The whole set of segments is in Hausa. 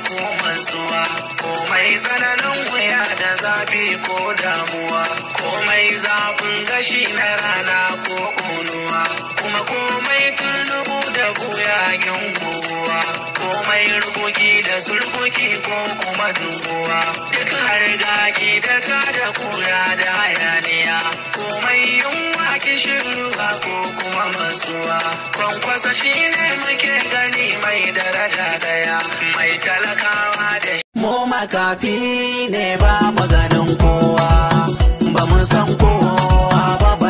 ko zuwa komai tsananin wuya da zafi ko damuwa komai zafin gashi na rana ko ƙonuwa kuma komai turnubu da buyayen guguwa komai rubuki da surbuki ko kuma dubuwa duk har gaki da ta da kura da hayaniya komai yunwa kishin ruwa ko kuma. kasuwa kwankwasa shine muke gani mai daraja daya mai talakawa da shi mu makafi ne ba maganin kowa ba mu san kowa ba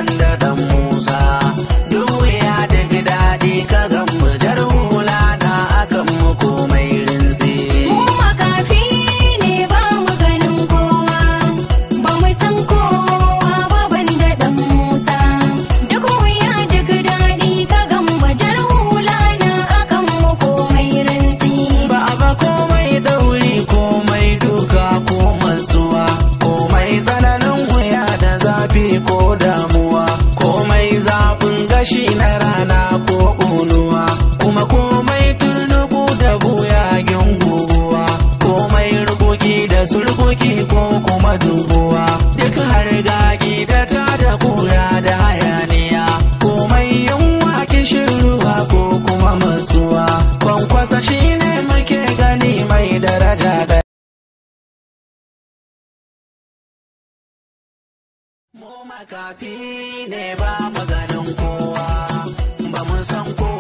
ki ko kuma dubuwa duk har gagi da ta da kura da hayaniya komai yunwa kishin ruwa ko kuma matsuwa kwankwasa ne muke gani mai daraja da Mu makafi ne ba maganin kowa ba mun san kowa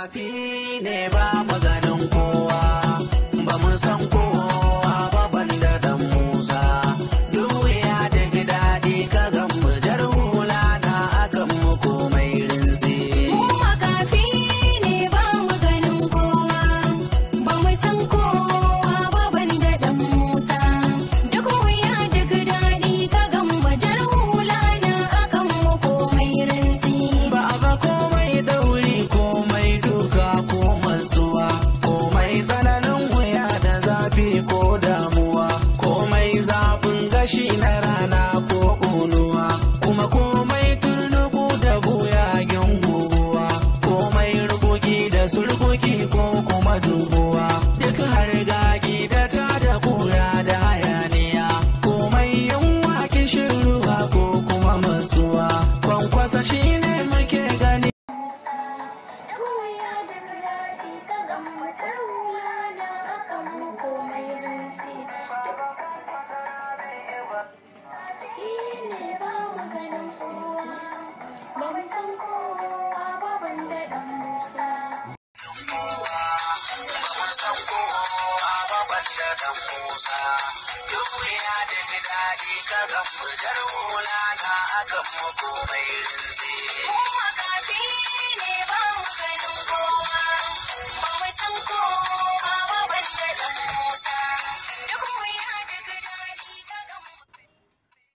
happy. Muhammadu daɗi ka ga furgar hula na aka mu mai rinse. Kuma kafi ne ba mu ganin kowa.